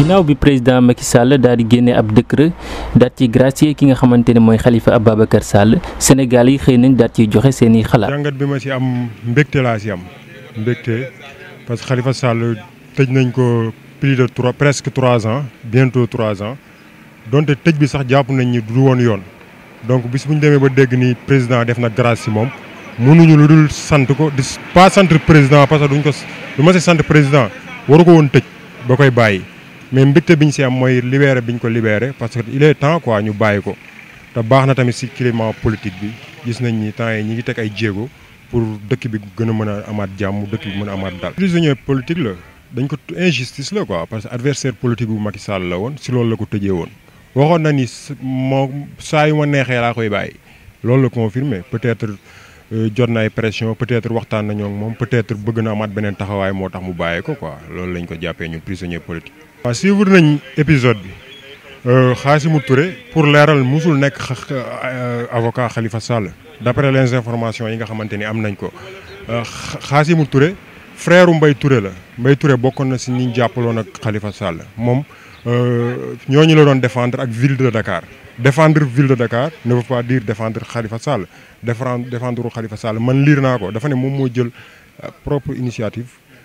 ginnaaw bi président Macky Sall daal di génne ab décret daal ci gracier ki nga xamante ne mooy Khalifa Ababacar Sall Sénégal yi xëy nañ daal ci joxe seen i xalaat. jàngat bi ma si am mbégte laa si am mbégte parce que Khalifa Sall tëj nañ ko plus de trois presque trois ans bientôt trois ans donte tëj bi sax jàpp nañ ni du woon yoon donc bis bu ñu demee ba dégg ni président def na grâce si moom. mënuñu lu dul sant ko di pas sant président parce que duñ ko du ma si sant président waru ko woon tëj ba koy bàyyi. mais mbégte bi ñu si am mooy libéré bi ñu ko libéré parce que il est temps quoi ñu bàyyi ko te baax na tamit si climat politique bi gis nañ ni temps yi ñu ngi teg ay jéego pour dëkk bi gën a mën a amaat jàmm dëkk bi mën a amaat dal prisonnier politique la dañ ko injustice la quoi parce que adversaire politique bu Macky Sall la woon si loolu la ko tëjee woon waxoon na ni moo saa yu ma neexee laa koy bàyyi loolu la confirmé peut-être euh, jot na ay pression peut-être waxtaan nañoo ak moom peut-être bëgg na amaat beneen taxawaay moo tax mu bàyyi ko quoi loolu lañ ko jàppee ñu prisonnier politique waaw suivre nañ épisode bi Khassimou euh, Touré pour leeral musul nekk euh, avocat xalifa Sall d'après les informations yi nga xamante ni am nañ ko Khassimou euh, Touré frère Mbaye Touré la Mbaye Touré bokkoon na si ni jàppaloon ak xalifa Sall moom ñoo ñu la doon defendre ak ville de Dakar défendre ville de Dakar ne veut pas dire défendre Khalifa Sall défendre defendre xalifa Sall man liir naa ko dafa ne moom moo jël propre initiative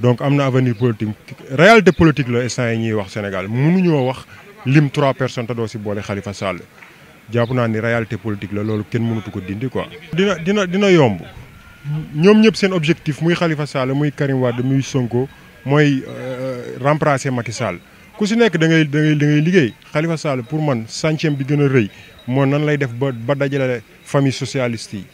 donc am na avenir politique réalité politique la instant yi ñuy wax Sénégal mënuñoo wax lim trois personnes te doo si boole Khalifa Sall jàpp naa ni réalité politique la loolu kenn mënatu ko dindi ko dina dina dina yomb ñoom ñëpp seen objectif muy Khalifa Sall muy Karim Wade muy Sonko mooy euh, remplacer Macky Sall ku si nekk da ngay da ngay ngay liggéey Khalifa Sall pour man centième bi gën a rëy moo nan lay def ba ba dajale famille socialiste yi.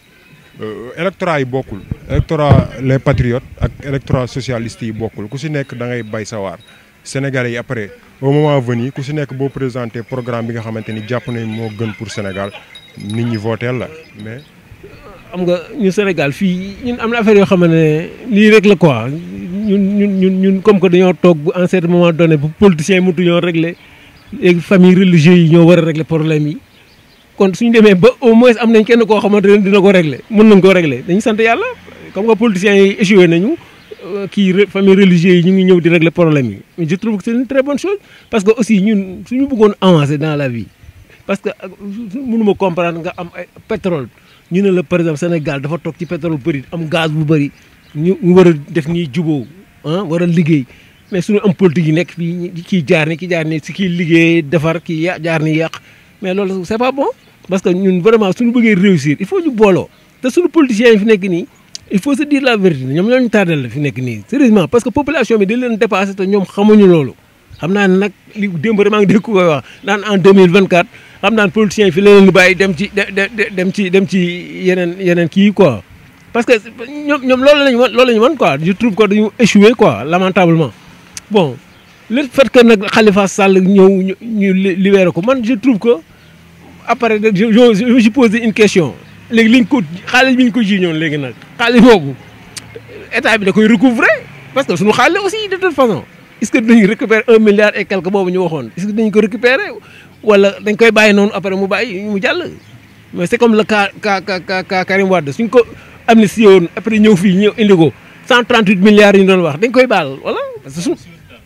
Euh, électorat yi bokkul électorat les patriotes ak électorat socialiste yi bokkul ku si nekk da ngay bay sawaar sénégalais yi après au moment venu ku si nekk boo présenté programme bi nga xamante ni jàpp nañ moo gën pour Sénégal nit ñi vooteel la mais. xam nga ñu Sénégal fii ñun am na affaire yoo xam ne lii rek la quoi ñun ñun ñun ñun comme que dañoo toog bu en certain moment donné bu politicien yi mënut ñoo réglé léegi famille religieux yi ñoo war a réglé problème yi. kon suñu démé ba au moins am nañ kenn ko xamante dina ko régler mën nañ ko régler dañu sante yalla comme que politiciens yi échoué nañu ki famille religieuse yi ñu ngi ñëw di régler problème yi je trouve que c'est une très bonne chose parce que aussi ñun suñu bëggoon avancer dans la vie parce que mënuma comprendre nga am pétrole ñu ne la par exemple Sénégal dafa toog ci pétrole bëri am gaz bu bëri ñu war a def ñuy juboo ah war a liggéey mais suñu am politique yi nekk fii kii jaar ni ki jaar ni si kii liggéey defar kii ya jaar ni yàq mais loolu c'est pas bon parce que ñun vraiment suñu bëggee réussir il faut ñu booloo te suñu politiciens yi fi nekk nii il faut se dire la vérité ñoom ñoo ñu tardel fi nekk nii sérieusement parce que population bi di leen dépassé te ñoom xamuñu loolu xam naa nag li démb rek maa ngi dégg ku koy wax naan en 2024 xam naan politiciens fi leen di bàyyi dem ci dem ci dem ci yeneen yeneen kii quoi parce que ñoom ñoom loolu lañu mën loolu lañu mën quoi je trouve que dañu échoué quoi lamentablement bon le fait que nag Khalifa Sall ñëw ñu libéré ko man je trouve que après je me suis posé une question les lignes ko parce que nous aussi de toute façon est-ce que récupérer un milliard et quelques est-ce que nous ko récupérer wala dañ koy après c'est comme le cas Karim Wade Si après 138 milliards ñu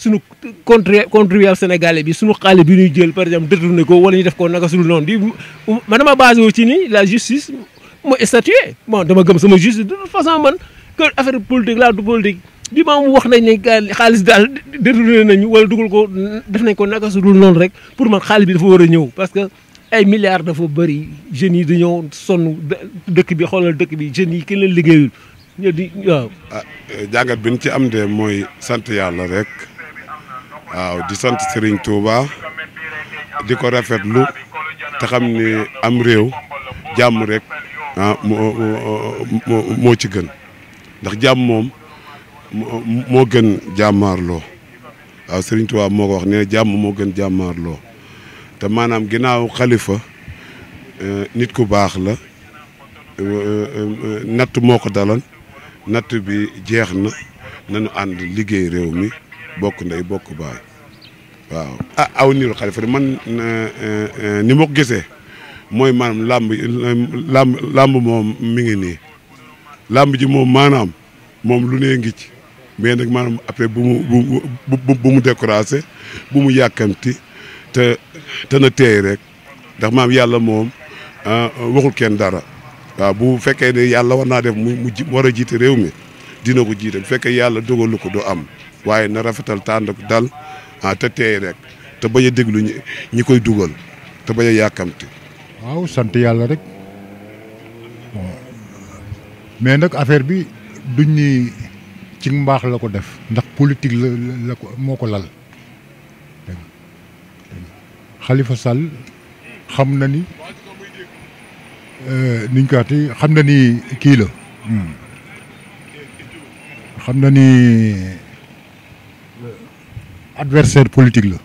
suñu contri contribuable sénégalais bi suñu xaalis bi ñuy jël par exemple détourné ko wala ñu def ko naka suñu noonu di ma dama basé wu ci ni la justice moo statué bon dama gëm sama justice de toute façon man que affaire politique laa du politique bi ma wax nañ ne xaalis daal détourné nañu wala dugal ko def nañ ko naka noonu rek pour man xaalis bi dafa war a ñëw parce que ay milliards dafa bëri jeunes yi dañoo sonn dëkk bi xoolal dëkk bi jeunes yi kenn leen liggéeyul ñoo di waaw. Ah, jàngat bi ñu ci am de mooy sant yàlla rek. waaw di sant Serigne Touba di ko rafetlu te xam ni am réew jàmm rek ah moo moo ci gën ndax jàmm moom moo gën jàmmaarloo waaw Serigne Touba moo ko wax ne jàmm moo gën jàmmaarloo te maanaam ginnaaw xalifa eh, nit ku baax la eh, eh, natt moo ko dalal natt bi jeex na nañu ànd liggéey réew mi bokk ndey bokk baay waaw ah, aw niiru xalifa man eh, eh, ni ma ko gisee mooy maanaam làmb làmb làmb moom mi ngi nii làmb ji moom maanaam moom lu nee ngi ci mais nag maanaam après bu mu bu bu mu découragé bu mu yàkkamti te te na teey rek ndax maam yàlla moom eh, waxul kenn dara waaw bu fekkee ne yàlla war naa def mu mu war a jiite réew mi dina ko jiite bu fekkee yàlla dogalu ko du am waaye na rafetal tànd ak dal ah te teey rek te bañ a déglu ñi koy dugal te bañ a yàkkamti. waaw sant yàlla rek mais nag affaire bi duñ ni ci mbaax la ko def ndax politique la la ko moo ko lal xalifa Sall xam na ni euh, niñ ko xam na ni kii la hmm. xam na ni. adversaire politique Là.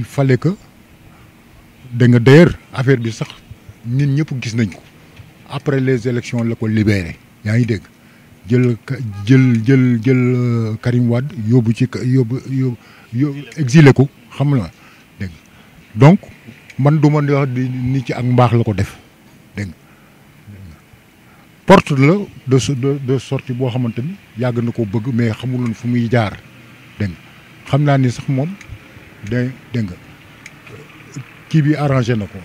il fallait que da d'ailleurs affaire bi sax ñun ñëpp gis nañ ko après les élections la libéré yaa ngi dégg jël jël jël euh, Karim Wad, yóbbu ci yóbbu yóbbu exilé ko xam na dégg donc man du ma wax ni ci ak mbax lako def deng porte la de de sortie bo xamanteni yag yàgg na ko bëgg mais xamul fu fumuy jaar deng xam naa ni sax moom de dégg nga kii bi arrangé na ko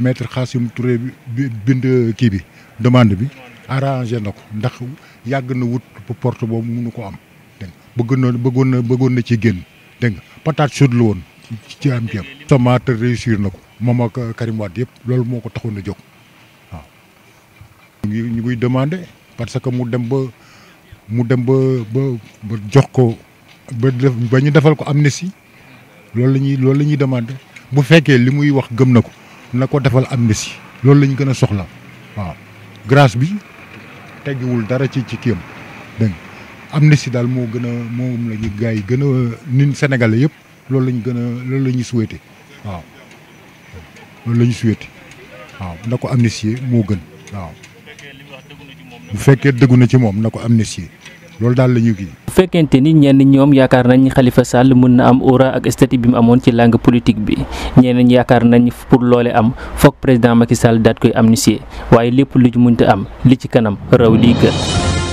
maître Khassim Touré bi bind kii bi demande bi arrangé na ko ndax yàgg na wut porte boobu mënu ko am dégg nga na bëggoon na bëggoon na ci génn dégg nga patate chaude la woon ci réussir na ko ak Karim Wade yëpp loolu moo ko taxoon a jóg waaw parce que mu dem mu dem ba ba jox ko ba def ba ñu defal ko amnistie loolu la ñuy loolu la ñuy demander bu fekkee li muy wax gëm na ko na ko defal amnistie loolu la ñu gën a soxla waaw grâce bi teggiwul dara ci ci kiyam dégg amnistie daal moo gën a moom la ñu gars yi gën a nin Sénégalais yëpp loolu la ñu gën a loolu la ñuy souhaité waaw loolu la ñu waaw na ko amnistie moo gën waaw bu fekkee dëggu na ci moom na ko amnistie loolu daal la ñu kii. bu fekkente ni ñenn ñoom yaakaar nañ xalifa Sall mën na am aura ak statut bi mu amoon ci langue politique bi ñeneen yaakaar nañ pour loole am foog président Macky Sall daat koy amnistie waaye lépp lu ci mënta am li ci kanam raw lii gën.